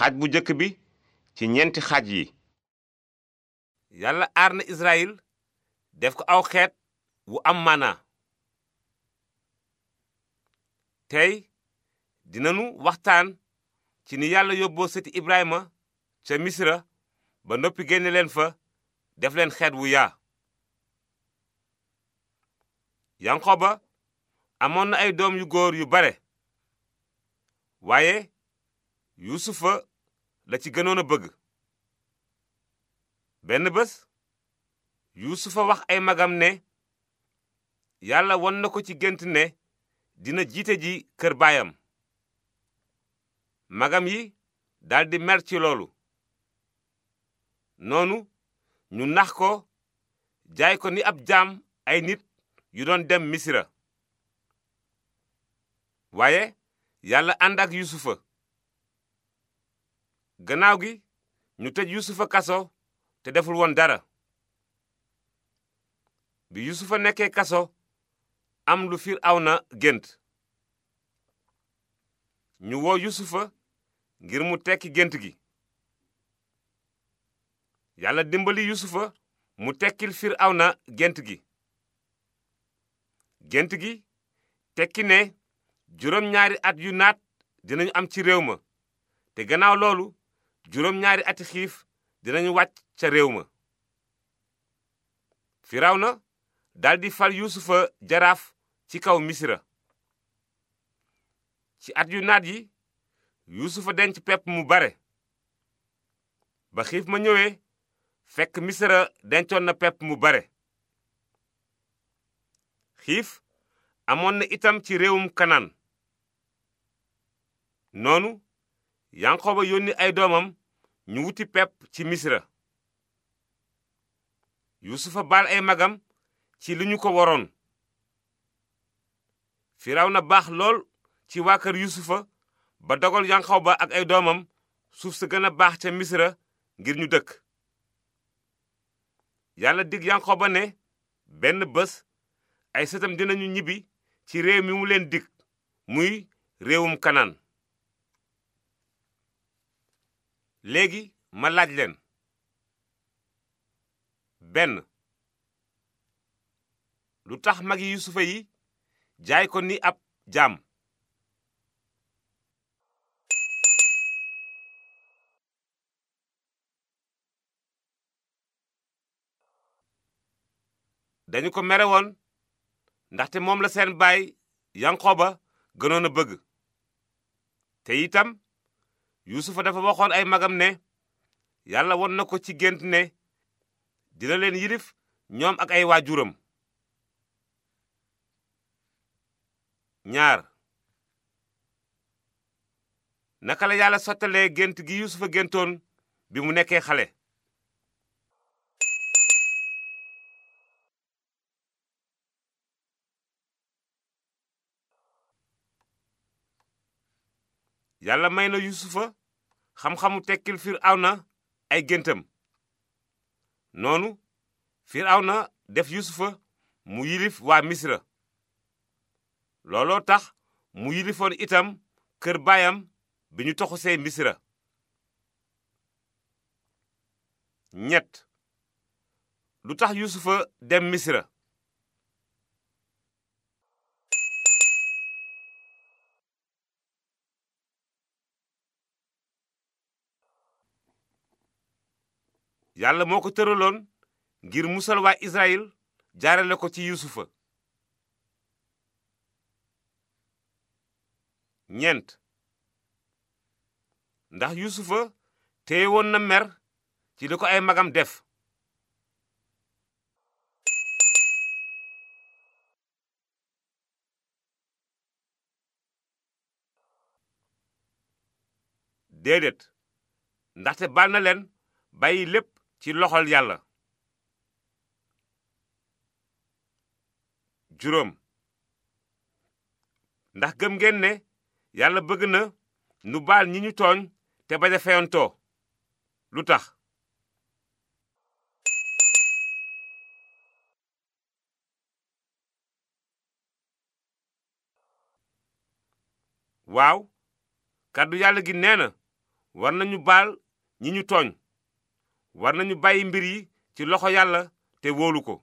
xaaj bu jëkk bi ci ñeenti xaaj yi yàlla aar na Israyil def ko aw xeet wu am maanaa tey dinanu waxtaan ci ni yàlla yóbboo seti Ibrahima ca Misra ba noppi génne leen fa def leen xeet wu yaa Yanqoba amoon na ay doom yu góor yu bare waaye Yusufa la ci gënoon a bëgg benn bés yuusufa wax ay magam ne yàlla won na ko ci gént ne dina jiite ji kër baayam magam yi daldi mer ci loolu noonu ñu nax ko jaay ko ni ab jaam ay nit yu doon dem misira waaye yàlla ànd ak yusufa gannaaw gi ñu tëj yusufa kaso te deful woon dara bi yusufa nekkee kaso am lu firawna gént ñu woo yusufa ngir mu tekki gént gi yàlla dimbali yusufa mu tekkil na gént gi gént gi tekki ne juróom ñaari at yu naat dinañu am ci réew ma te gannaaw loolu juróom ñaari ati xiif dinañu wàcc ca réew ma firawna daldi fal yuusufa jaraaf ci kaw misira ci at yu naat yi yuusufa denc pepp mu bare ba xiif ma ñëwee fekk misira dencoon na pepp mu bare xiif amoon na itam ci réewum kanaan noonu yanqooba yónni ay doomam ñu wuti pepp ci misra yusufa baal ay magam ci li ñu ko waroon na baax lool ci waa kër yusufa ba dogal yanqooba ak ay doomam suuf sa gën a baax ca misira ngir ñu dëkk yàlla dig yanqooba ne benn bés ay sëtam dinañu ñibbi ci réew mi mu leen dikk muy réewum kanaan léegi ma laaj leen benn lu tax magi yusufa yi jaay ko ni ab jaam dañu ko merewoon woon ndaxte moom la seen baay yanqooba gënoon a bëgg te itam yuusufa dafa waxoon ay magam ne yàlla won na ko ci gént ne dina leen yilif ñoom ak ay waajuram ñaar naka la yàlla sottalee gént gi yuusufa géntoon bi mu nekkee xale yàlla may na yuusufa xam-xamu tekkil Firawna ay géntam noonu Firawna def Yusufa mu yilif waa Misra looloo tax mu yilifoon itam kër baayam bi ñu toxusee Misra ñett lu tax Yusufa dem Misra yàlla moo ko tëraloon ngir musal waa Israël jaarale ko ci yusufa ñent ndax yusufa téye woon na mer ci li ko ay magam def déedéet ndaxte baal leen bàyyi lépp ci loxol yàlla juróom ndax gëm ngeen ne yàlla bëgg na nu baal ñi ñu tooñ te bañ a lu tax waaw kàddu yàlla gi nee na war nañu baal ñi ñu tooñ war nañu bàyyi mbir yi ci loxo yàlla te wóolu ko